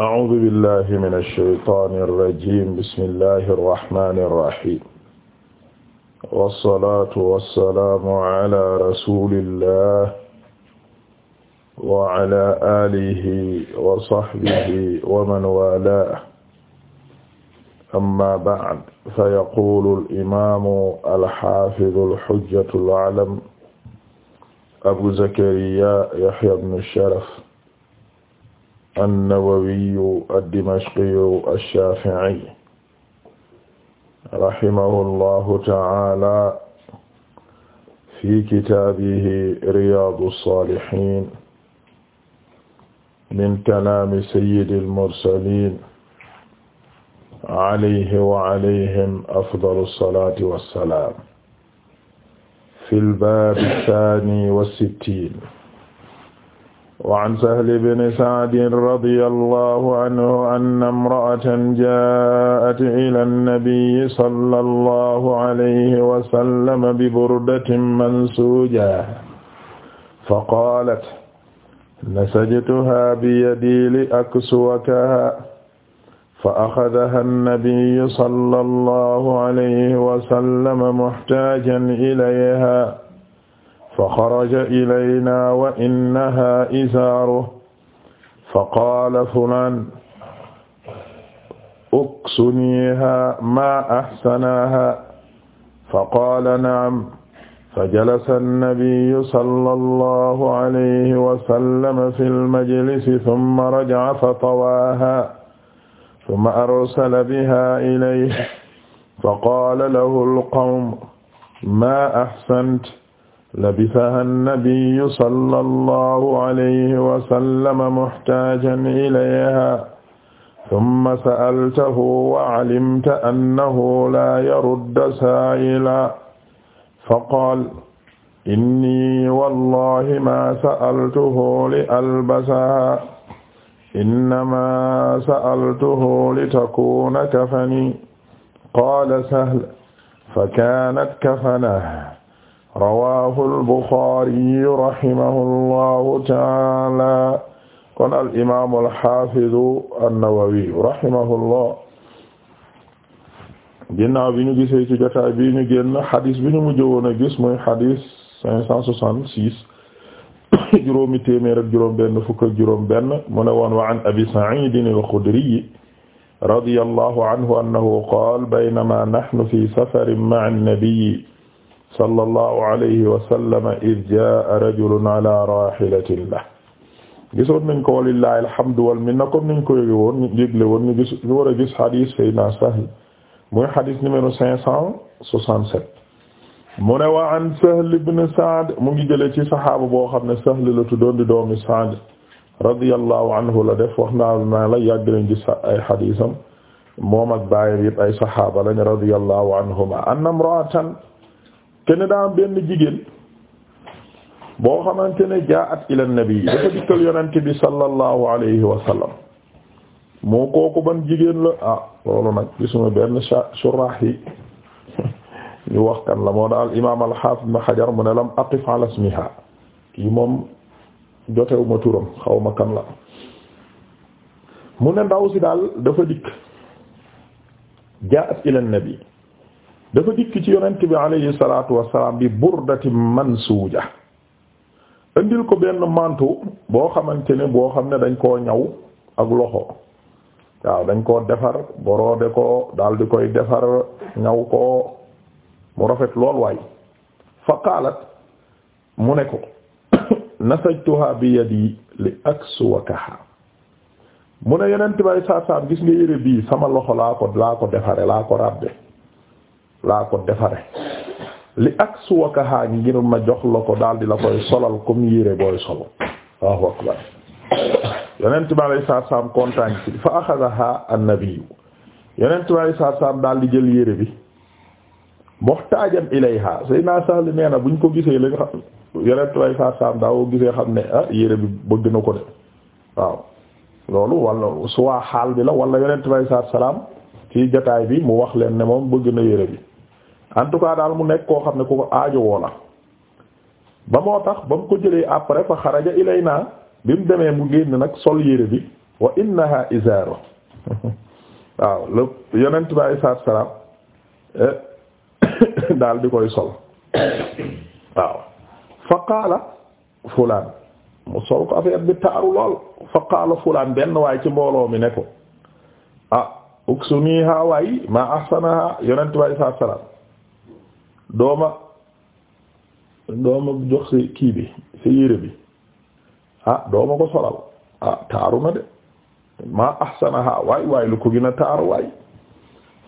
a'uuzu billahi mina shaytaani rajiim bismillahi rahmaani rahiim wassalaatu wassalaamu ala rasuulillah wa ala aalihi wa sahbihi wa man waalaahu amma ba'd fa yaquulu al-imaamu al-haafizu al-hujjatu al-a'lam Abu Zakariyaa Yahyaa ibnu Sharaf an-Nawawiyu ad-Dimashqiyu ash-Shafi'i rahimahullahu ta'ala fi kitaabihi Riyaadu s-Saalihiin min kalaami sayyidil mursaliin alayhi wa alayhim afdalu salaati wa salaam fil baabi saani wa sittiin وعن سهل بن سعد رضي الله عنه أن امرأة جاءت إلى النبي صلى الله عليه وسلم ببردة منسوجة فقالت نسجتها بيدي لأكسوكها فأخذها النبي صلى الله عليه وسلم محتاجا إليها fa xaraja ilayna wa innaha izaaru fa qaala fulaan uksuniiha maa axsanaaha fa qaala naam fa jalasa annabiyu sallallahu alayhi wa sallam fi lmajlisi summa rajaca fa tawaaha summa arsala biha ilayhi fa qaala lahu alqawm maa axsanta labisaha annabiyu sallallahu alayhi wa sallama muhtaajan ilayha summa sa'altahu wa calimta annahu laa yaruddu saa'ila faqaala innii wallaahi maa sa'altuhu li-albasahaa innamaa sa'altuhu litakuuna kafanii qaala sahl fakaanat kafanahu rawahu al-Bukhari rahimahullahu taala kon al-imam al-hafiz an-Nawawi rahimahullah ginnaaw bi ñu gisee ci jotaay bi ñu génn xadis bi ñu mujj woon a gis mooy xadis cinq cent soixante-six juróomi téeméer ak juróom benn fukk ak juróom benn mu ne woon wa an abi Sa'id al-Khudri radiyallahu anhu annahu qaala baynama nahnu fi safarin ma'a an-nabiy sallallahu alayhi wa sallam id jaa rajulun ala rahilatin la gisoon nañ ko walillahi alhamdu wal minna comme niñ ko yëge woon ñu jégle woon ñu gis ñu war a gis hadis sayyidina Sahl muy hadis numéro cinq cent soixante-sept mu ne wa an Sahl ibn Sa'd mu ngi jëlee ci saxaaba boo xam ne Sahl la tuddoon di doomi Sa'd radiyallahu anhu la def wax naa naa la yàgg nañ gis ay hadisam moom ak baayam yëpp ay saxaaba lañ radiyallahu anhuma anna imra'atan kenn daa benn jigéen boo xamante ne jaa'at ila nabi dafa dikkal yonent bi sallallahu alayhi wa sallam moo kooku ban jigéen la ah loolu nag gisuma benn surah yi ñu wax kan la moo daal imaam al-Hafiz Ibn mu ne lam aqif ala ismiha kii moom jotewuma turam xaw ma kan la mu ne ndaw si daal dafa dikk jaa'at ila nabi dafa dikk ci yonent bi alayhi salaatu wassalaam bi burdati mansuuja indil ko benn manteau boo xamante ne boo xam ne dañ koo ñaw ak loxo waaw dañ koo defar boroode ko dal di koy defar ñaw ko mu rafet lool waay fa mu ne ko nasajtuha bi yadi li aksuwakaha mu ne yonent bi alayhi salaatu gis nga yére bii sama loxo laa ko laa ko defare laa ko ràbbe laa ko defare li ak suwakahaa ngir ma jox la ko daal di la koy solal comme yére booy sol waaw akbar yonent bi alayhi salaatu salaam kontaan ci fa axadahaa annabi yonent bi alayhi salaatu salaam daal di jël yére bi muhtaajan nee na buñ ko gisee la nga xam daa ko gisee xam ne ah yére bi bëgg na ko de waaw loolu wala suwaa xaal bi la wala yonent bi alayhi salaatu salaam ci jotaay bi mu wax leen ne moom bëgg na yére bi. en daal mu nekk koo xam ne ku ko aajowoo la ba moo tax ba mu ko jëlee après fa xaraja ilayna bi mu demee mu génn nag sol yére bi wa innaha izaaru waaw le yonent bi alayhi salaam eh, daal di koy sol waaw fa qaala fulaan mu sol ko affaire bi taaru lool fa fulaan benn waaye ci mbooloo mi ne ko ah uksuniha waay ma ahsanaha yonent bi alayhi salaam dooma dooma jox si kii bi si yére bi ah dooma ko solal ah taaru na de maa ahsanaha waay waay lu ko gën a taaru waay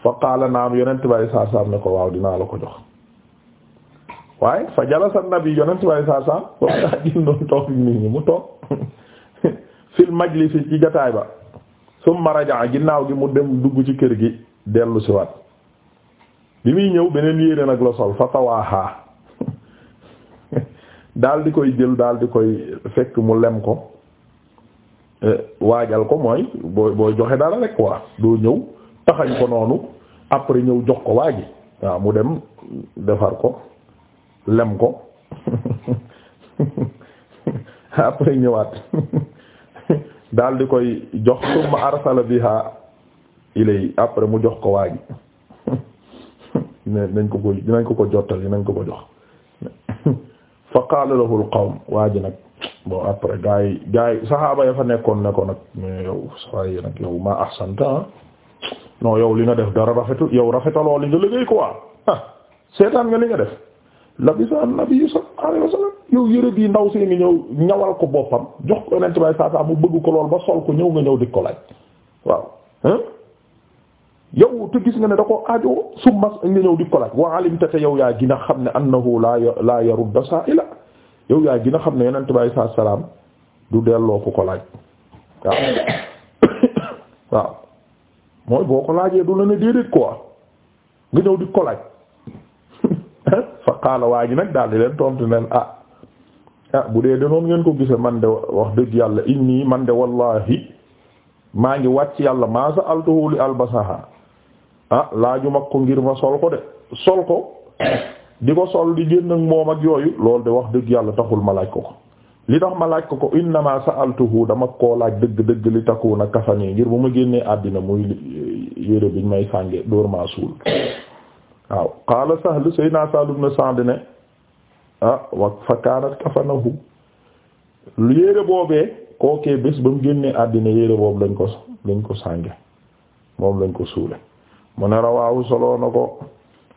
fa qaala naam yonent bari saar saam ne ko waaw dinaa la ko jox waay fa jalasa nabi yonent bari saar saam waaye daa gis toog nit mu toog fil majlisi ci jotaay ba summa rajaa ginnaaw gi mu dem dugg ci kër gi dellu si waat bi muy ñëw beneen yére nag la sol fa tawaaxaa daal di koy jël daal di koy fekk mu lem ko eh, waajal ko mooy booy booy joxe dara rek quoi doo ñëw taxañ ko noonu après ñëw jox ko waa ji waaw mu dem defar ko lem ko après ñëwaat daal di koy jox summa arsala biha ilay après mu jox ko waa ne nañ ko ko dinañ ko ko jottali nañ ko ko jox fa qaala lahu waa ji nag bon après gars yi gars saxaaba ya fa nekkoon ne ko nag mais yow sawaay nag yow maa ahsanta ah. non yow li nga def dara rafetu yow rafetaloo li nga liggéey quoi ah seetaan nga li nga def labisa annabi yow yëre bii ndaw see ngi ñëw ñawal ko boppam jox ko yonent bay saa saa mu bëgg ko lool ba sol ko ñëw nga ñëw di ko laaj waaw yow te gis nga ne da koo aajo summa nga ñëw di ko laaj wa alimta yaa gën a xam ne annahu laa laa yarudda saa'ila yow yaa gën a xam ne yonent bi alayhi salaatu salaam du delloo ku ko laaj waaw waaw mooy boo ko du la ne déedéet quoi nga ñëw di ko laaj fa qaala waa nag daal di leen tontu ne ah ah bu dee de noonu ngeen ko gise man de wax dëgg yàlla inni man de wallahi maa ngi wàcc yàlla maa sa'altuhu li albasaha ah laaju mag ko ngir ma sol ko de sol ko di ko sol di génn ak moom ak yooyu loolu de wax dëgg yàlla taxul ma laaj ko ko li tax ma laaj ko ko innama sa'altuhu dama koo laaj dëgg-dëgg li takkuuna kafani ngir bu ma génnee àddina muy eh, yére biñ may sànge dóor maa suul waaw qaala Sahl sayna Sahl ibn Sa'd ne ah wa fa kaanat kafanahu yére boobee kookee bés ba mu génnee àddina yére boobu lañ ko lañ ko sànge moom lañ ko suule mu ne rawaahu solo na ko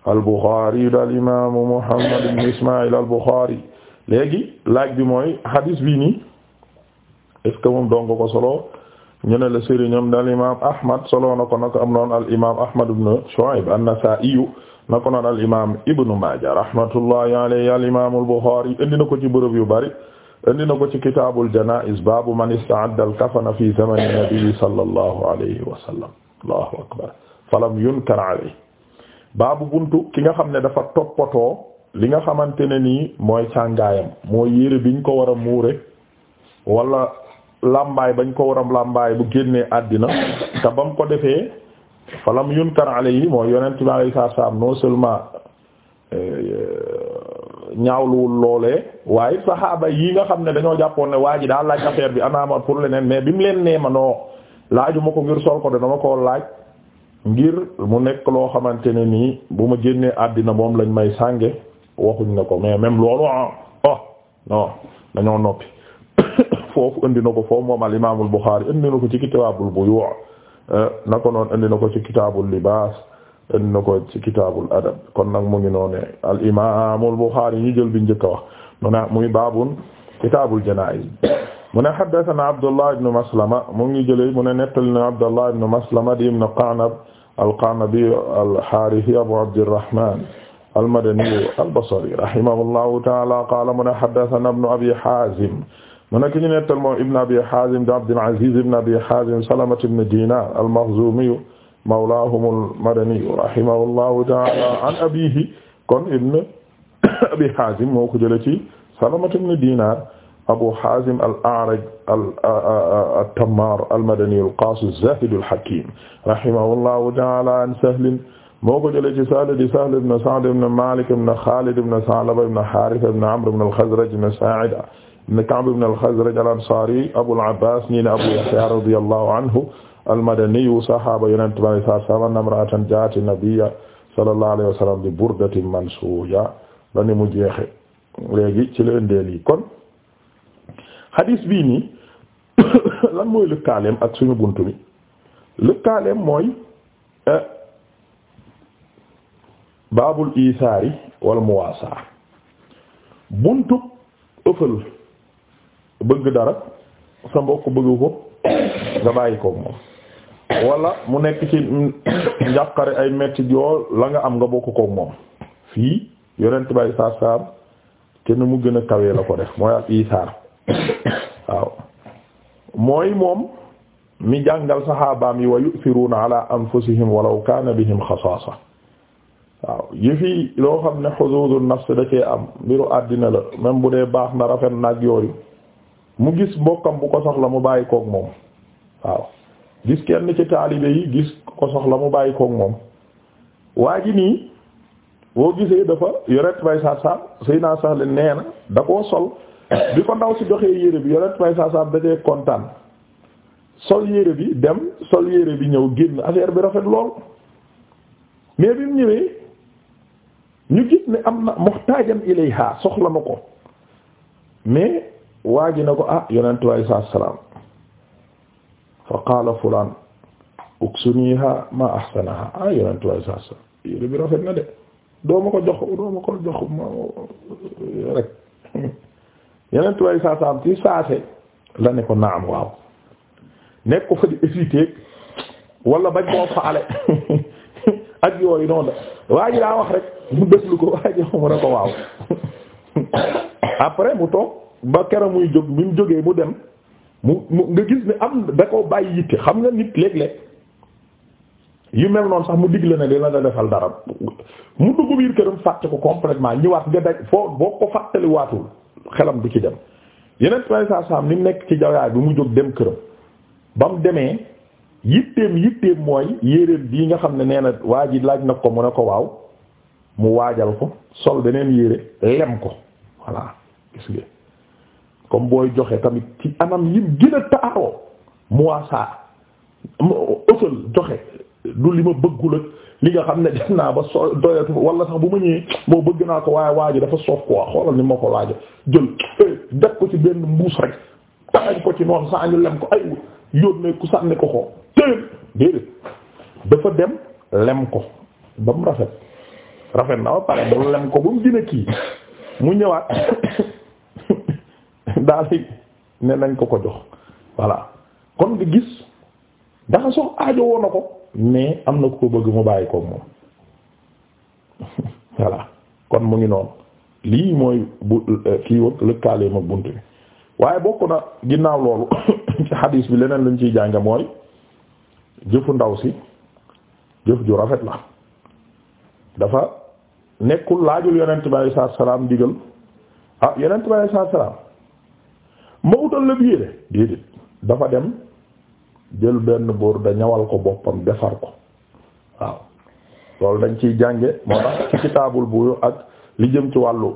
al-Bukhari daal imaam Muhammad ibn Ismaïl al-Bukhari léegi laaj bi mooy hadis bii nii est-ce que moom dong ko solo ñu ne la sëriñam daal imaam Ahmad solo na ko naka am noon al imaam Ahmad ibn Shu'ayb an-Nasa'i naka noon al imaam Ibn Maaja rahmatullahi alayhi al imaam al-Bukhari indi na ko ci bërëb yu bari indi na ko ci kitaabul janaa'iz baabu man ista'adda al-kafana fi zamani nabi sallallahu alayhi wa sallam allahu akbar falam yunkar alay baabu buntu ki nga xam ne dafa toppatoo li nga xamante ne nii mooy sàngaayam mooy yére biñ ko war a muure wala làmbaay bañ ko war a làmbaay bu génnee àddina te ba mu ko defee falam yunkar alay yi mooy yonent bi alayhi salaam non seulement euh, euh, ñaawluwul loolee waaye saxaaba yi nga xam ne dañoo jàppoon ne waa ji daa laaj affaire bi anaama pour leneen mais bi mu leen nee ma noo laaju ko ngir sol ko de dama koo laaj ngir mu nekk loo xamante ne nii bu ma génnee àddina moom lañ may sànge waxuñ na ko mais même loolu ah oh non dañoo noppi foofu indi na ko foofu moom al imaamul Buxaari indi na ko ci kitaabul buyu' eh, na ko noon indi na ko ci kitaabul libaas indi na ko ci kitaabul adab kon nag mu ngi noone al imaamul ñu jël bi njëkk a wax mu ne muy baabun kitaabul janaa'iz mu ne haddathana Abdullah ibn Maslama mu ngi jëlee mu ne nettali na Abdullah ibn Maslama di ibn Qa'nab alqanabi alxaarisi abu abdirrahman almadani albasri rahimahullahu taala qaala mu ne haddathana ibnu abi hazim mu nekk ñu nettal moom ibnu abi hazim di abdulaziz ibnu abi hazim salama ibnu dinar almakhzumiyu mawlaahum almadaniyu rahimahullahu taala an abiihi kon ibnu abi hazim moo ko jëlee ci salama ibnu dinar Abu Hazim al-A'raj at-Tammar al-Madani al-Qaasi az-Zaahid al-Hakiim rahimahullahu ta'aala an Sahl moo ko jëlee ci Sahl di Sahl ibn Sa'd ibn Maalik ibn Xaalid ibn Sa'laba ibn Haaritha ibn Amr ibn al-Khazraj ibn Saa'ida ibn Ka'b ibn al-Khazraj al-Ansaari Abul Abbaas ñii ne Abu Yahya radiyallahu anhu al-Madani sahaaba Yonent bi alayhi salaatu wa salaam imra'atan ja'at an-nabiyya sallallahu alayhi wa sallam bi burdatin mansuyya la ni mu jeexe léegi ci la ëndee lii kon xadiis bii nii lan mooy lëkkaaleem ak suñu bunt bi lëkkaaleem mooy eh, baabul isaari wal muwaasaa buntu ëffal bëgg dara sa mbokk bëggu ko nga bàyyi ko moom wala mu nekk ci njàqare ay metti yoo la nga am nga bokk ko moom fii yonent bay saar saar kenn mu gën a kawee la ko def mooy al isaar waaw mooy moom mi jàngal saxaabaam yi wa yu'thiruuna ala anfusihim walaw kaana bihim xasaasa waaw yëfi loo xam ne xuzuzu nafs da cee am mbiru àddina la même bu dee baax na rafet na ak yooyu mu gis mbokkam bu ko soxla mu bàyyi koog moom waaw gis kenn ci taalibe yi gis ko soxla mu bàyyi koog moom waa ji nii boo gisee dafa yoret bay saar saar naa sax leen da koo sol bi ko ndaw si joxee yére bi yonent may saa saa dajee kontaan sol yére bi dem sol yére bi ñëw génn affaire bi rafet lool mais bi mu ñëwee ñu gis ne am na muhtaajan ilayha soxla na ko mais waa ji na ko ah yonent may saa ah saa yére bi rafet na de doo ko jox doo ko jox ma rek yeneen tubaab yi saa saa ci la ne ko am waaw nekk ko fa di hésiter wala bañ koo faale ak yooyu noonu la waa ji daa wax rek mu déglu ko waa ji mu ko waaw après mu toog ba keroog muy jóg bi mu jógee mu dem mu mu nga gis ne am da koo bàyyi yitte xam nga nit léeg-léeg yu mel noonu sax mu digle ne dina la defal dara mu dugg biir këram fàtte ko complètement ñëwaat nga daj foo boo ko fàttaliwaatul. xelam du ci dem yeneen trois cent cent ni nekk ci jawaay bi mu jóg dem këram ba mu demee yitteem yitteem mooy yéreem bii nga xam ne nee na waa ji laaj na ko mu ne ko waaw mu waajal ko sol beneen yére lem ko voilà gis nga comme booy joxe tamit ci anam yim gën a taaroo mu waasaa mu ëffal joxe du li ma bëggul ak li nga xam ne def naa ba so doyatu wala sax bu ma ñëwee moo bëgg naa ko waaye waaju ji dafa soof quoi xoolal ni ma ko waaja jël eh, def ko ci benn mbuus rek taxañ ko ci noonu saa lem ko ay yónnee ku sànni ko ko dafa dem lem ko ba mu rafet rafet na ba pare mu lem ko ba mu dina kii mu ñëwaat daal ne nañ ko ko jox voilà kon nga gis dafa sox aajo woon na ko mais am na ku ko bëgg mu bàyyi koog moom voilà kon mu ngi noon lii mooy bu euh, kii wag ma bunt bi waaye bokk na ginnaaw loolu ci xadiis bi leneen lañ ciy jànge mooy jëfu ndaw si jëf ju rafet la dafa nekkul laajul yonent bi alayhi salaatu salaam digal ah yonent bi alayhi salaatu salaam ma la bi yére dafa dem jël benn buur da ñawal ko boppam defar ko waaw loolu dañ ciy jànge moo tax ci kitaabul buyu ak li jëm ci wàllu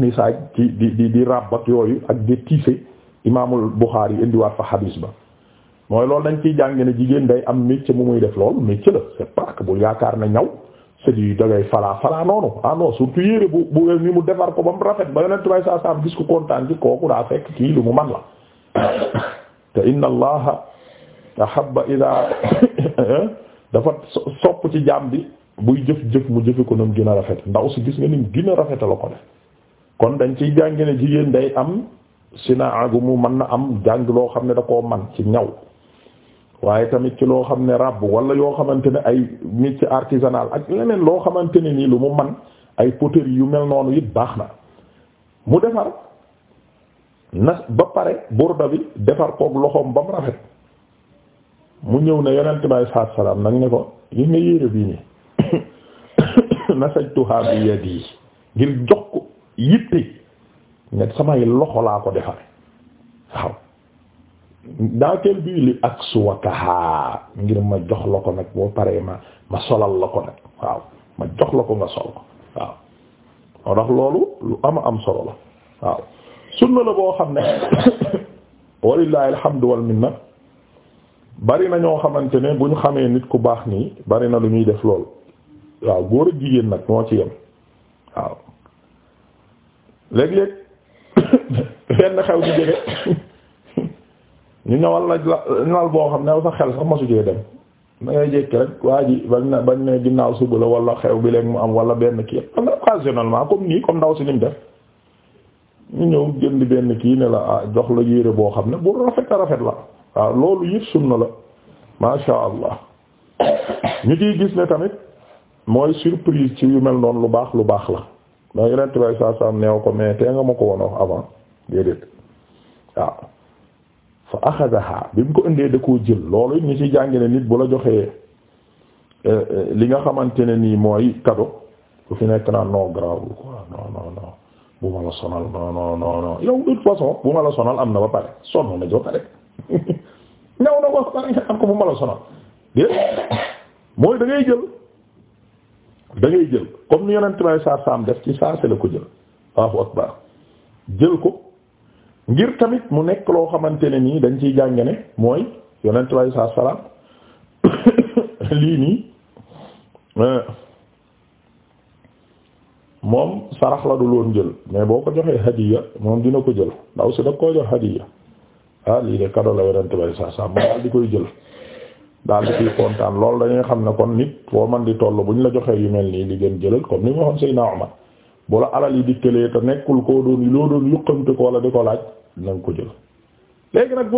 nisaaj ci di di di ak yooyu ak di tiise imaamul Buxaari yi indiwaat fa xadiis ba mooy loolu dañ ciy jànge ne jigéen day am métier mu muy def loolu métier la c'est parce bu yaakaar na ñaw c'est du dangay falaa falaa noonu ah surtout yére bu bu ni mu defar ko ba mu rafet ba yonent bay saa gis ko kontaan ci kooku daa fekk kii lu mu man la te ahabba ida dafa sopp ci jaam bi buy jëf-jëf mu jëfe ko nam gën a rafet ndaw si gis nga nim gën a la ko def kon dañ ciy jàng ne jigéen day am sinaa gu mu mën na am jàng loo xam ne da koo man ci ñaw waaye tamit ci loo xam ne ràbb wala yoo xamante ne ay métier artisanal ak leneen loo xamante ne nii lu mu man ay poterie yu mel noonu it baax na mu defar na ba pare burda bi defar koog loxoom ba rafet mu ñëw ne yonent bay saat salaam nag ne ko gis nga yére bii nii nasajtuha bi yadi ngir jox ko yitte ne samay loxo laa ko defar waaw daa bii li ak suwakaha ngir ma jox la ko nag boo paree ma ma solal la ko nag waaw ma jox la ko nga sol ko waaw moo tax loolu lu ama am solo la waaw sunna la boo xam ne walillahi alhamdu wal minna bari na ñoo xamante ne bu ñu xamee nit ku baax nii bari na lu ñuy def lool waaw góor ak jigéen nag moo ci yem waaw léeg-léeg benn xew ñu jóge ñu ñëwal la ñal boo xam ne sa xel sax ma sujee dem da ngay rek waa ji bañ na bañ ne ginnaaw suba la wala xew bi léegi mu am wala benn kii am na occasionnellement comme nii comme ndaw si nim def ñu ñëw jënd benn kii ne la ah, jox la yére boo xam ne bu rafet a rafet la waaw loolu yëpp sunna la masha allah ñu ciy gis ne tamit mooy surprise ci yu mel noonu lu baax lu baax la mooy yeneen bay saa saa neew ko mais tee nga ma ko wono avant déedéet waaw fa axadaha bi mu ko indee da koo jël loolu ñu ci jàngi ne nit bu la joxee eh, eh, li nga xamante ne nii mooy cadeau bu nekk naa non grave quoi non non bu ma la sonal non non yow de façon bu ma la sonal am na ba pare sonn na jo pare ñaw na ko am ko bu ma la sonal dé mooy da ngay jël da jël comme ni yonent bay saam def ci saase la ko jël Allahu akbar jël ko ngir tamit mu nekk loo xamante ne nii dañ ciy jàng ne mooy yonent bay sar salaam lii nii euh, moom sarax la du loon jël mais boo ko joxee hadiya moom dina ko jël ndaw si da koo jox hadiya ah lii de cadeau la yonent bay saa saa mu daal di koy jël daal di koy kontaan loolu dañuy xam ne kon nit foo man di toll bu ñu la joxee yu mel nii di gën jëlal comme ni ma waxoon Seydina Omar bu la alal nekkul koo doon loo doon yuqamte ko ko laaj na ko jël léegi nag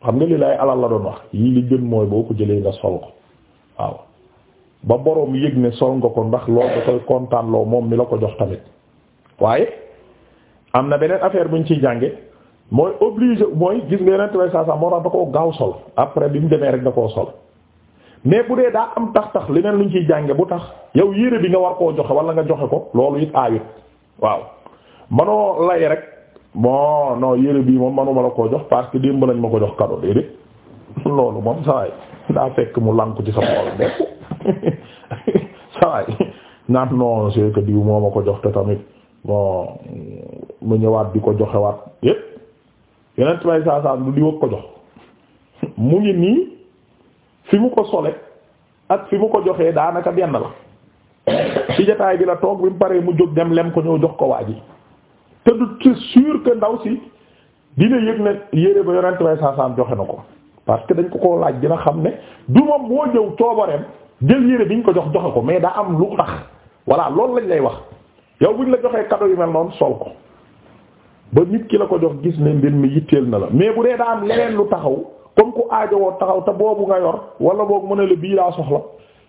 xam nga li lay alal la doon wax yii li gën mooy boo ko jëlee nga sol ko waaw ba boroom yëg ne sol nga ko ndax loolu da koy kontaan loo moom mi la ko jox tamit waaye am na beneen affaire buñ ciy jànge mooy obligé mooy gis nga yeneen way saa saa moo tax da koo gaaw sol après bi mu demee rek da koo sol mais bu dee daa am tax tax leneen luñ ciy jànge bu tax yow yére bi nga war koo joxe wala nga joxe ko loolu it aayut waaw manoo lay rek bon no yére bii moom manuma la koo jox parce que démb lañ ma ko jox cadeau déedéet loolu moom sawaay daa fekk mu lanku ci sa xol nekk sawaay naan non c'est que diw moo ma ko jox bon mu ñëwaat di ko joxewaat yépp yeneen may saa saa lu di wëg ko jox mu ngi nii fi mu ko sole ak fi mu ko joxee daanaka benn la ci jotaay bi la toog bi mu paree mu jóg dem lem ko ñëw jox ko waa ji te du c'est sûr que ndaw si dina yëg ne yére ba yonent bay saasaam joxe na ko parce que dañ ko koo laaj dina xam ne du moom moo ñëw coobareem jël yére bi ñu ko jox joxe ko mais daa am lu tax voilà loolu lañ lay wax yow buñ la joxee cadeau yu mel noonu sol ko ba nit ki la ko jox gis ne mbir mi yitteel na la mais bu dee daan am lu taxaw comme ku aajowoo taxaw te boobu nga yor wala boobu mu ne la bii laa soxla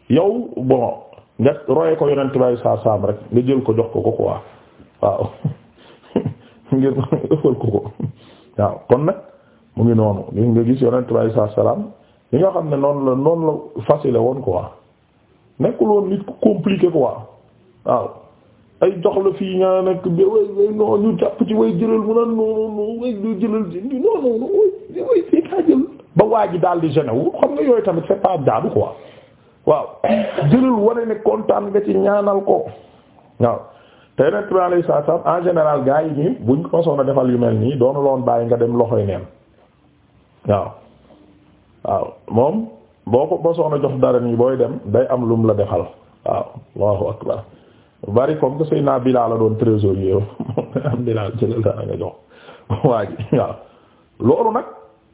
yow bon nga roye ko yonent bay saa saam rek nga jël ko jox ko ko quoi waaw ngir ëffal ko ko waaw kon nag mu ngi noonu li nga gis yonent bay saa salaam li nga xam ne noonu la noonu la facile woon quoi nekkul woon nit ku compliqué quoi waaw. ay jox la fii nga nag ba way jëlal mu naan jëlal waa ji daal di gêné xam nga yooyu tamit c'est pas jaadu quoi waaw jëlal wane ne kontaan nga ci ñaanal ko waaw tey nag tubaab lay saa saa en général gars yi nii buñ ko soxla defal yu mel nii nga dem loxoy neen waaw waaw moom boo ko ba soxla jox dara nii booy dem day am lum la defal waaw Allahu akbar bari comme que sëy naa Bilaal la doon trésorier am Bilaal jëlal loolu nag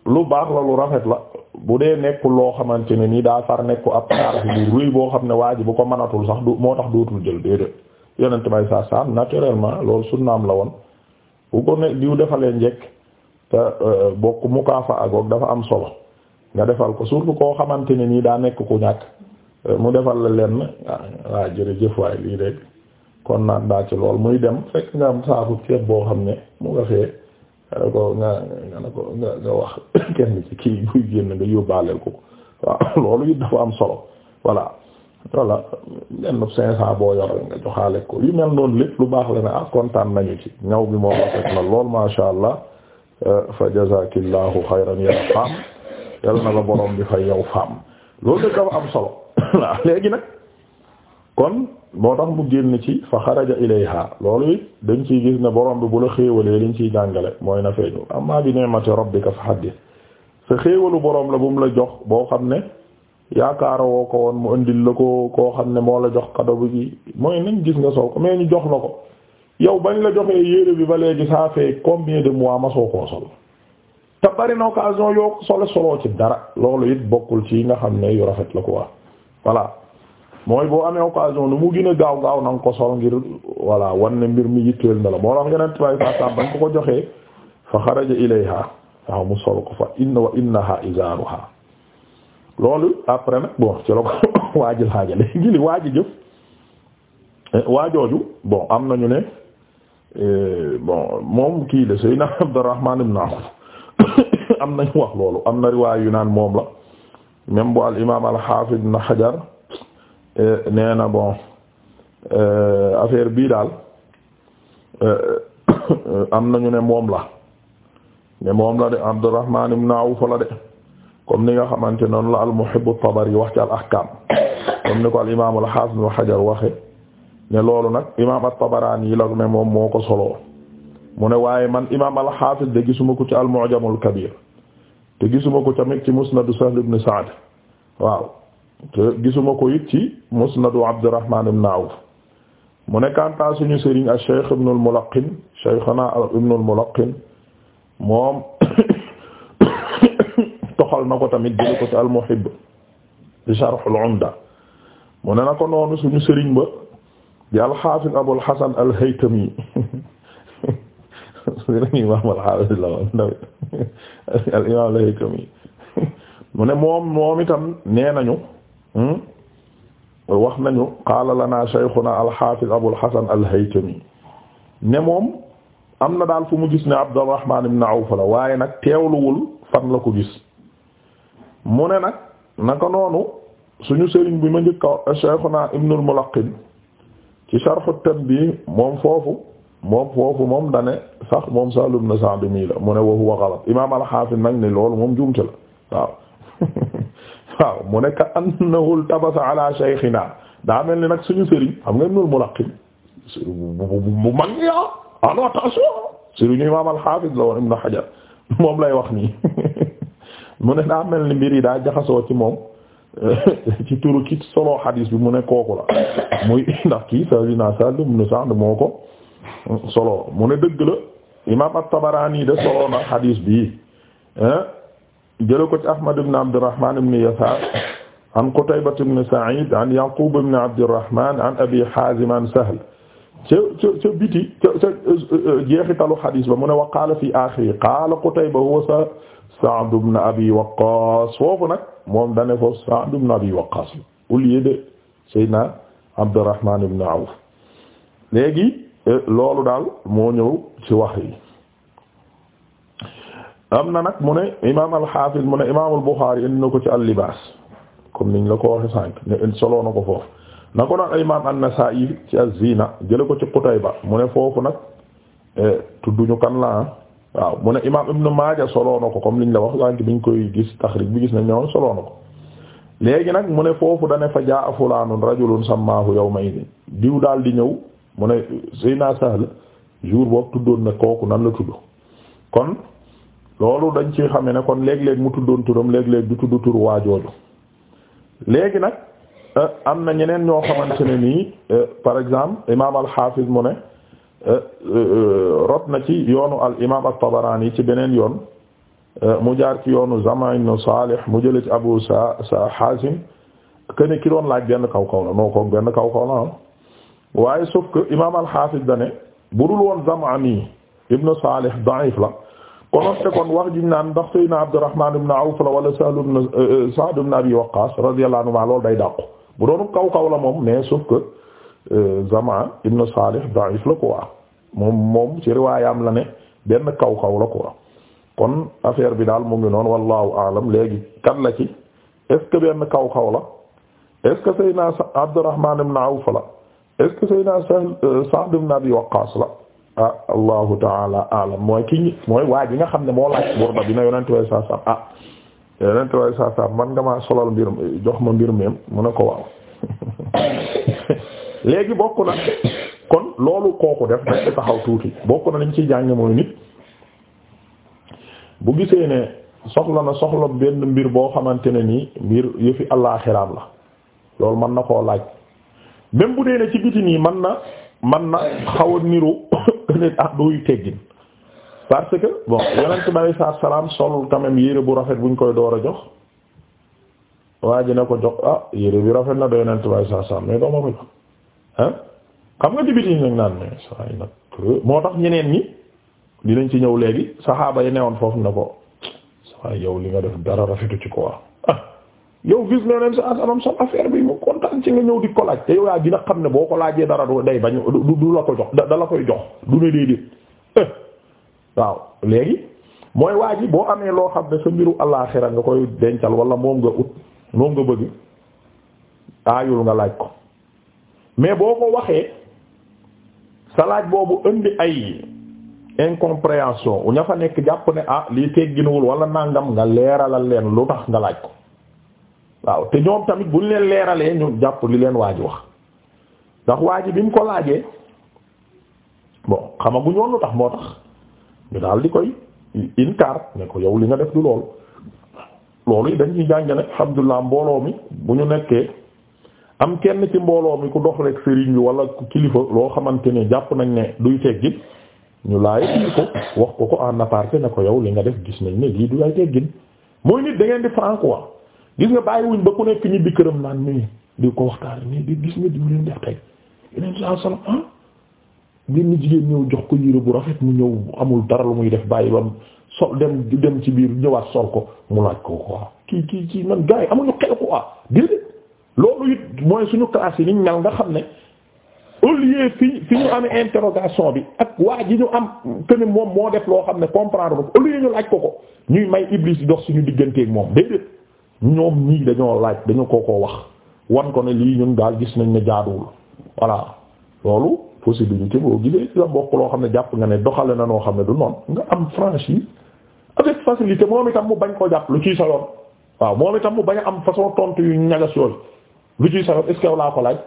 lu baax la lu rafet la bu dee nekkul loo xamante ne nii daa far nekku ab xaaral bu rëy boo xam ne waa ji bu ko mënatul sax du moo tax dootul jël déedéet yonent may saa saam naturellement loolu sunnaam la woon bu ko ne diw defalee njekk te euh, bokk mukaafa agoog dafa am solo nga defal ko surtout koo xamante ne nii daa nekk ku ñàkk euh, mu defal la lenn ah, waa jërëjëf waaye lii rek kon naan daa ci lool muy dem fekk nga am saaku ceeb boo xam ne mu nga fee nga ne ko nga nga ne ko nga nga wax kenn ci kii buy génn nga yóbbaaleel ko waaw loolu it dafa am solo voilà voilà benn cinq boo yor nga ko yu lépp lu baax la ne ah kontaan nañu ci ñaw bi moom na lool masha allah eh, fa jazakillahu xayran ya faam yal na la borom bi fay yow faam loolu dëgg dafa am solo léegi nag kon moo tax mu génn ci fa xaraja ilayha loolu it dañ ciy gis ne borom bi bu la xéewalee liñ ciy jàngale mooy na feeñu amma bi ni'mati rabbika fa haddith sa xéewalu boroom la bu mu la jox boo xam ne yaakaaroo ko woon mu indil la ko koo xam ne moo la jox kado bi mooy nañ gis nga sol ko mais ñu jox la ko yow bañ la joxee yére bi ba léegi ça fait combien de mois ma soo koo sol te bari na occasion yoo sole soloo ci dara loolu it bokkul ci nga xam ne yu rafet la ko waa voilà mooy boo amee occasion nu mu gën gaaw gaaw na ko sol ngir voilà wan mbir mi yitteel na la moo tax ko ko joxee fa xaraja ilayha waaw mu sol ko la waaj jëf eh, waajooju bon am nañu ne eh, bon kii la Seydina Abdurrahman ibn Awf wax loolu am na riwaay yu naan moom la même al imaam al xaafid ibn Hajar Eh, nee na bon eh, affaire bii daal eh, am nañu ne moom la ne moom la de Abdurrahman ibn Awf la de comme ni nga xamante noonu la al-Muhibb at-Tabari wax ci al-Ahkam comme ni ko al imaam al-Hafiz Ibn Hajar waxe ne loolu nag imaam yi la ne moom moo ko soloo mu ne waaye man imaam al-Hafiz de gisuma ko ci al-Mu'jam al-Kabir te gisuma ko tamit ci Musnad Sahl ibn Sa'd waaw te gisuma ko it ci musnadu Abdurrahman ibn Awf mu ne kanta suñu sëriñ ak Cheikh ibn al-Mulaqqin Cheikhuna ibn al moom toxal na ko tamit jëli ko ci al-Muhibb ci Sharh mu ne na ko noonu suñu sëriñ ba di al-Hafiz Abul Hasan mu ne moom moom itam nee nañu Hmm? wax nañu qaala lana shaykhuna al-hafiz abul hasan al-haytami ne moom am na daal fu mu gis ne abdurrahman ibn awf la waaye nag teewluwul fan la ko gis mu ne na naka noonu suñu sëriñ bi ma njëkka shaykhuna ibn al-mulaqqin ci sharh at-tanbih moom foofu moom foofu moom dane sax moom Sahl ibn Sa'd mii la mu ne wa huwa ghalat imam al-hafiz ne loolu moom juumte la waaw waaw mu nekk annahu tabasa ala shaykhina daa mel ni nag suñu sëriñ xam nga Ibnul Mulaqin bu mag ñi ah ah non attention sëriñu imaam al-Hafiz la woon Ibn Hajar moom lay wax nii mu ne daa mel ni mbir yi daa jaxasoo ci moom ci turu ki solo hadis bi mu ne kooku la muy ndax kii Sayyidina Salim ibn Sa'd moo ko solo mu ne dëgg la imaam at-Tabarani de solo na hadis bii. jële ko ci ahmad ibn abdirahman ibn yasar an qutaybat ibn sa'id an yaqub ibn abdirahman an abi hazim an sahl ca ca ca biti ca ca jeexitalu xadis ba mu ne wa qaala fi axiri qaala qutayba huwa sa sa'd ibn abi waqqas foofu nag moom dane foofu sa'd ibn abi waqqas au lieu de sayyidina abdirahman ibn awf léegi eh, loolu daal moo ñëw ci wax yi am na nag mu ne imaam al-Hafiz mu ne imaamul Bukhari indi na ko ci al-Libaas comme niñ la koo waxee sànq ne na ko foofu na ko nag imaam an-Nasa'i ci az-Zina jële ko ci Qutayba mu ne foofu nag eh, tudduñu kan la ah? waaw mu ne imaam Ibn Maaja soloo na ko comme niñ la wax sànq ñu koy gis taxrij bi gis na ñoom soloo na ko léegi nag mu ne foofu dane fa jaa fulaanun rajulun sammaahu yawma idin diw daal di ñëw mu ne Seyna Sahl jour boobu tuddoon na kooku nan la tudd kon loolu dañ ci xame ne kon léeg-léeg mu tuddoon turam léeg-léeg du tudd tur waajooju léegi nag euh, am na ñeneen ñoo xamante nii euh, par exemple imaam al-Hafiz mu ne euh, rot na ci yoonu al imaam at ci beneen yoon mu jaar ci yoonu Zama ibn Salih mu jële ci Abu sa sa Hazim kene ki doon laaj benn kaw kaw la noo ko benn kaw kaw la ah. waaye sauf que imaam al-Hafiz dane budul woon Zama ibn Salih da'if la konoonte kon wax ji ñu naan ndax Seydina Abdurrahman ibn Awf wala Sahl ibn euh, Sa'd ibn Abi Waqqas radiyallahu anhu maa bu doonu kaw kaw la moom mais sauf que euh, Zamaa ibn Salih da'if la quoi moom moom ci la ne benn kaw kaw la quoi kon affaire bi daal mu ngi wallahu aalam léegi kan la ci est-ce que kaw kaw la est-ce que Seydina Abdurrahman ibn Awf la est-ce que Seydina Sahl euh, Sa'd ah allahu taala alam mooy ki mooy waa ji nga xam ne moo laaj burda bi na yonent way saa sam ah yonent way saa man nga maa solal mbir jox ma mbir meem mu ne ko waaw léegi bokk na kon loolu kooku def dañ ci taxaw tuuti bokk na liñ ciy jàng mooy nit bu gisee ne soxla na soxla benn mbir boo xamante ne nii mbir yëfi àllaaxiraam la loolu mën na koo laaj même bu dee ne ci biti nii mën na man na xaw a niru ne ah dooy teggin parce que bon yonent bi alayhi salaatu salaam sol quand même yére bu rafet buñ koy door a jox waa ji ne ko jox ah yére bi rafet na da yonent bi alayhi salaatu salaam mais doo ma ko jox ah xam nga dibit yi nag naan mais saa yi nag moo tax ñeneen ñi dinañ ci ñëw léegi saxaaba yi newoon foofu ne ko saa yow li nga def dara rafetu ci ko waa ah, yow gis nga yonent bi alayhi sol affaire bi mu ko fan ci nga ñëw di ko laaj te yow yaa gën a xam ne boo ko laajee dara du day bañ du la ko jox da la koy jox du ne déedéet eh. waaw léegi mooy waaj yi boo amee loo xam ne sa mbiru alaaxira nga koy dencal wala moom nga ut moom nga bëgg aayul nga laaj ko mais boo ko waxee sa laaj boobu indi ay incompréhension u ña fa nekk jàpp ne ah lii tegginuwul wala nangam nga leeralal leen lu tax nga laaj ko waaw te ñoom tamit buñ leen leeralee ñu jàpp li leen waa wax ndax waa ji bi mu ko laajee bon xamaguñ woon lu tax moo tax ñu daal di koy inkaar ne ko yow li nga def du loolu loolu yi dañ ci jànge nag alhamdulilah mbooloo mi bu ñu nekkee am kenn ci mbooloo mi ku dox rek sëriñ bi wala ku kilifa loo xamante ne jàpp nañ ne duy teggin ñu laaj ko wax ko ko en aparté ne ko yow li nga def gis nañ ne lii du ay teggin mooy nit da di franc gis nga bàyyiwuñ ba ku nekk ñibbi këram naan nii di ko waxtaan nii di gis nga diw leen def tey yeneen saa salaam ah génn jigéen ñëw jox ko yére bu rafet mu ñëw amul dara lu muy def bàyyi ba sol dem dem ci biir ñëwaat sol ko mu laaj ko quoi kii kii kii man gars yi amuñu xel quoi déedéet loolu it mooy suñu classe yi niñ mel nga xam ne au lieu fi fi ñu amee interrogation bi ak waa ji ñu am que moom moo def loo xam ne comprendre ko au lieu ñu laaj ko ko ñuy dox suñu digganteeg moom ñoom ñii dañoo laaj dañu ko ko wax wan ko ne lii ñun daal gis nañ ne jaaduwul voilà loolu possibilité boo gisee ci la bokk loo xam ne jàpp nga ne doxale na noo xam ne du noonu nga am franchise avec facilité moom itam mu bañ koo jàpp lu ciy saloon waaw moom itam mu bañ a am façon tontu yu ñagas yooyu lu ciy saloon est-ce laa ko laaj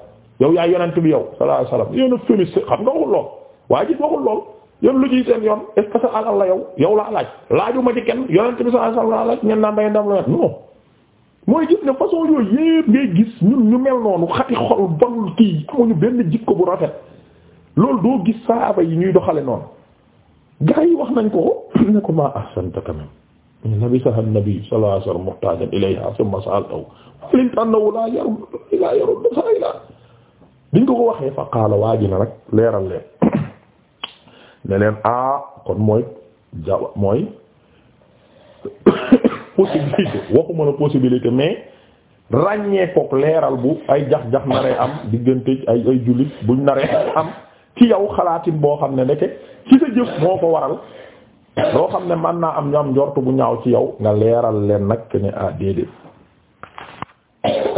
yow yaa yonent bi yow sallallahu alayhi wasallam yow na xam nga waxul lool waaye ji lu ciy seen yoon est sa alal la yow yow laa laaj laajuma ci kenn yonent bi sallallahu alayhi wasallam laaj ñen naan day ndam la non mooy gis ne façon yooyu yépp ngay gis ñun ñu mel noonu xati xol bonul kii amuñu benn jikko bu rafet loolu doo gis saaba yi ñuy doxale noonu gaa yi wax nañ ko ne ko maa ahsanta kamam nabi sax nabi sallallahu alayhi wasallam muhtajan ilayha thumma sa'altahu alimta annahu diñ ko ko waxee fa qaala waa ji na nag leeral leen ne leen ah kon mooy mooy possibilité waxuma la possibilité mais ràññee kook leeral bu ay jax-jax naree am diggante ay ay jullit buñ naree am ci yow xalaatin boo xam ne ndeke ci sa jëf moo ko waral loo xam ne man naa am ñu am njort bu ñaaw ci yow nga leeral leen nag ne ah déedéet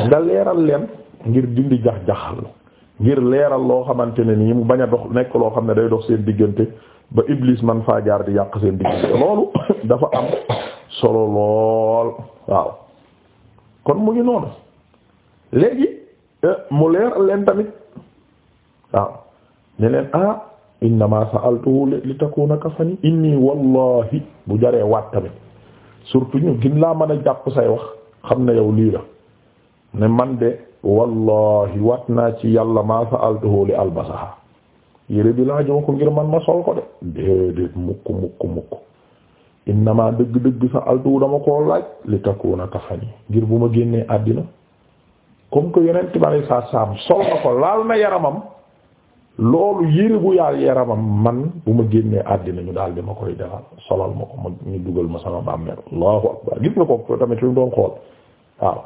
nga leeral leen ngir dindi jax-jaxal ngir leeral loo xamante ne nii mu bañ a dox nekk loo xam ne day dox seen diggante ba iblis man faa jaar di yàq seen diggante loolu dafa am solo lool waaw kon mu ngi noonu léegi euh, mu leer leen tamit waaw ne leen ah innama sa'altuhu li takuna kafani inni wallahi bu jaree waat tamit surtout ñu gin laa mën a jàpp say wax xam ne yow lii la ne man de wallahi waat naa ci yàlla ma sa'altuhu li albasaha yére bi laa jox ko ngir man ma sol ko de déedéet mukk mukk mukk innama dëgg-dëgg sa altu dama koo laaj li takkuwoon a taxani ngir bu ma génnee àddina comme que yeneen tubaab yi saa saam sol na ko laal na yaramam loolu yére bu yaal yaramam man bu ma génnee àddina ñu daal di ma koy defal solal ma ko ma ñu dugal ma sama bàmmeel allahu akbar gis nga ko tamit fi doon xool waaw.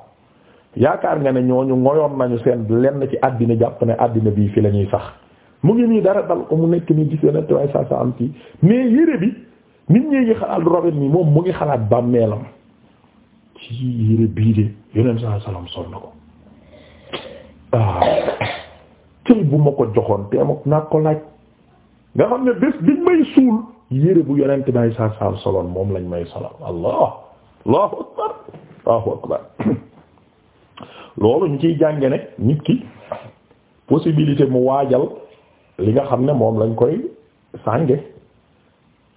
yaakaar nga ne ñooñu ngoyoon nañu seen lenn ci àddina jàpp ne àddina bii fi lañuy ñuy sax mu ngi nii dara dal ko mu nekk nii gis yeneen tubaab nit ñi ngi xalaat robet mi moom mu ngi xalaat bàmmeelam ci yére bii de yeneen saa salaam sol na ko waaw ah, cëy bu ma ko joxoon te ma naa ko laaj nga xam ne bés biñ may suul yére bu yonent may saa salaam soloon moom lañ may solal allah allahu akbar allahu akbar loolu ñu ciy jànge ne nit ki possibilité mu waajal li nga xam ne moom lañ koy sànge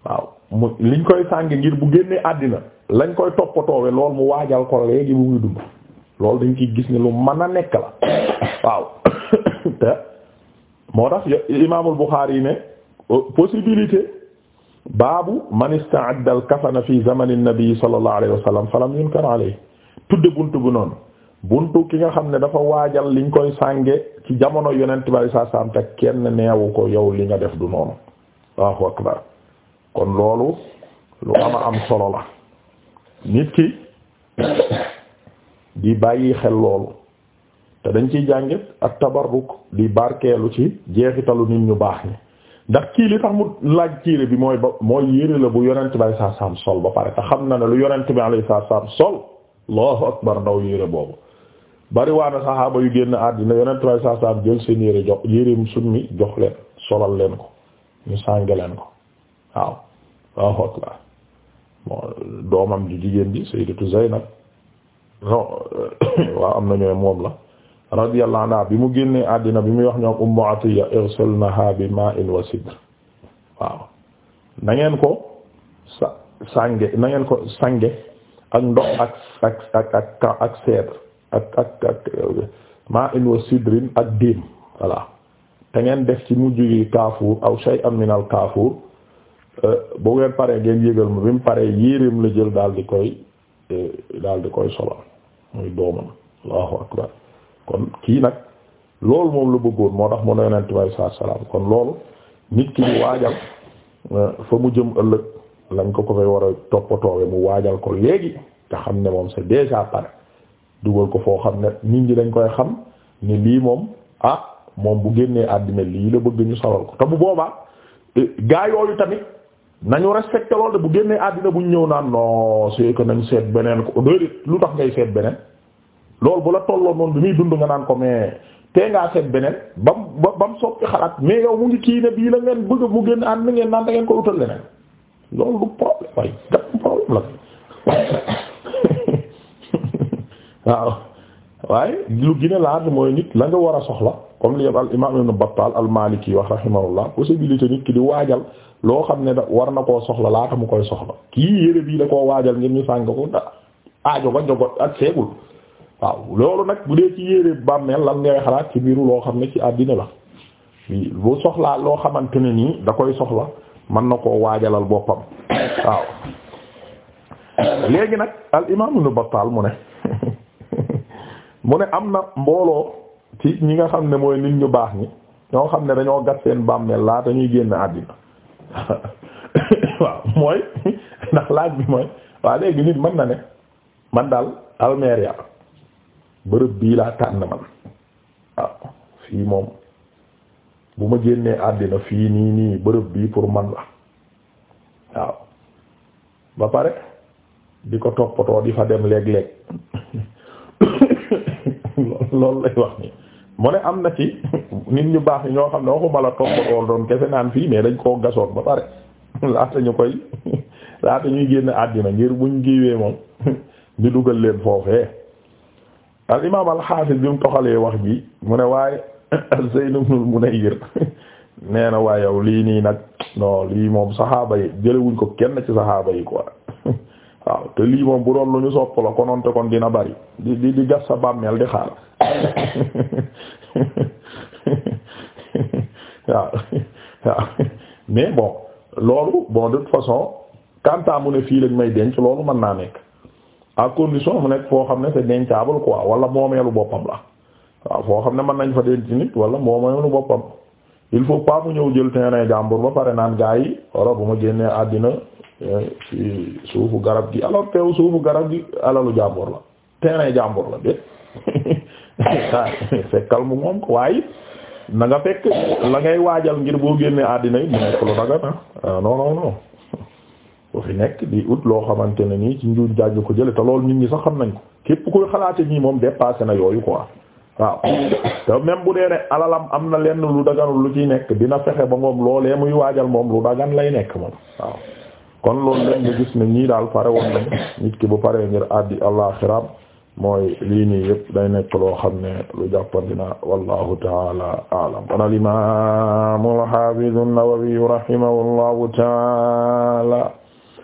waaw mu liñ koy sàng ngir bu génnee àddina lañ koy toppatoowe lool mu waajal ko léegi bu muy dund loolu dañ ciy gis ni lu man a nekk la waaw te moo tax imaamul Buxaari yi ne euh, possibilité baabu man ista'adda al-kafana fi zamani nabi sallallahu alayhi tudde buntu bu noonu buntu ki nga xam ne dafa waajal liñ koy sànge ci jamono yonent bi sallallahu alayhi kenn neewu ko yow li nga def du noonu Allahu akbar kon loolu lu ama am solo la nit ki di bàyyi xel loolu te dañ ciy jàngit ak tabarruk di barkeelu ci jeexitalu nit ñu baax ni ndax kii li tax mu laaj ciire bi mooy ba mooy yére la bu yonent bi alayhi salaam sol ba pare te xam na ne lu yonent bi alayhi salaam sol allahu akbar ndaw yére boobu bari waa na saxaaba yu génn àddina yonent bi alayhi salaam jël seen yére jox yéreem summi jox leen solal leen ko ñu sànge leen ko waaw waaw xoot doomam ji jigéen ji sayyidatu Zaynab non waaw am na ñooy moom la radiyallahu anha bi mu génnee àddina bi muy wax ñoom ummu atiya irsalnaha bi ma'in wa sidr waaw na ko sa sànge ko sànge ak ndox ak ak ak ak ak cèdre ak ak ak ma'in te ngeen def ci mu gi kaafuur aw shay'an min kaafuur Euh, bu ngeen paree ngeen yégal ma bi mu paree yéreem la jël daal di koy euh, daal di koy solal muy doomam allahu akbar kon kii nag loolu moom la bëggoon moo tax mu ne yonent saa salaam kon loolu nit ki di waajal euh, jëm ëllëg lañ ko ko fay war mu waajal ko léegi te xam ne moom c'est déjà pare ko foo xam ne nit ñi dañ koy xam ne lii moom ah moom bu génnee àddina lii la bëgg ñu solal ko te bu boobaa gaa yooyu tamit nañu respecté loolu de bu génnee àddina bu ñëw naan non c'est que seet beneen ko déedéet lu tax ngay seet beneen loolu bu la tolloo noonu bi muy dund nga naan ko mais tee ngaa seet beneen ba mu ba mu soppi xalaat mais yow mu ngi kii ne bii la ngeen bëgg mu génn ànd ngeen naan da ngeen ko utal leneen loolu du problème waaye gàpp problème la waaw waaye lu gën a mooy nit la nga war a soxla comme li al imaam ibn Battal al Maliki wax rahimahullah possibilité loo xam ne da war na koo soxla laata mu koy soxla kii yére bii la koo waajal ngir ñu sàng ko da aajo ba ak seegul waaw loolu nag bu dee ci yére bàmmeel lan ngay xalaat ci biiru loo xam ne ci àddina la bu soxlaa loo xamante ne nii da soxla mën na koo waajalal boppam waaw nag al mu ne mu ne am na mbooloo ci ñi nga xam ne mooy nit ñu baax ñi ñoo xam ne dañoo gas seen bàmmeel laata ñuy génn àddina waaw mooy ndax laaj bi mooy waaw léegi nit mën na ne man daal Almeria bërëb bii laa tànn man waaw fii moom bu ma génnee àddina fii nii nii bërëb bii pour man la waaw ba pare di ko toppatoo di fa dem léeg-léeg loolu lay wax nii mu ne am na ci nit ñu baax yi ñoo xam ne waxuma la toppatool doon kese naan fii mais dañ koo gasoon ba pare laata ñu koy laata ñuy génn àddina ngir buñ géewee moom ñu dugal leen foofee al imaam al xaafis bi mu toxalee wax ji mu ne waaye Zayd ibnul Munayyir nee na waaye yow lii nii nag non lii moom saxaaba yi jëlewuñ ko kenn ci saxaaba yi quoi waaw te lii moom bu doon lu ñu sopp la kononte kon dina bari di di di gas sa bàmmeel di xaar waaw waaw mais bon loolu bon de toute façon quant ne fii lañ may denc loolu mën naa nekk à condition mu nekk foo xam ne c'est dencaable quoi wala moomeelu boppam la waaw foo xam ne mën nañ fa denc nit wala moomeelu boppam il faut pas mu ñëw jël terrain jàmbur ba pare naan gaa yi wala bu ma génnee àddina ci suufu garab gi alors que suufu garab gi alalu jàmbur la terrain jàmbur la de fekkal mu moom ko waaye na fekk la ngay waajal ngir boo génnee àddina yi mu nekk lu dagan ah. ah non non fi nekk di ut loo xamante ne nii ci njuuñ jàng ko jële te lool nit ñi sax xam nañ ko képp koy xalaate nii moom dépassé na yooyu quoi waaw te même bu dee ne alalam am na lenn lu daganul lu ciy nekk dina fexe ba moom loolee muy waajal moom lu dagan lay nekk moom waaw kon loolu lañ nga gis ne ñii daal pare woon nañ nit ki bu paree ngir addi mooy lii nii yëpp day nekk loo xam ne lu jàppandina wallahu taala aalam kon al imam al hafiz an-Nawawi rahimahullahu taala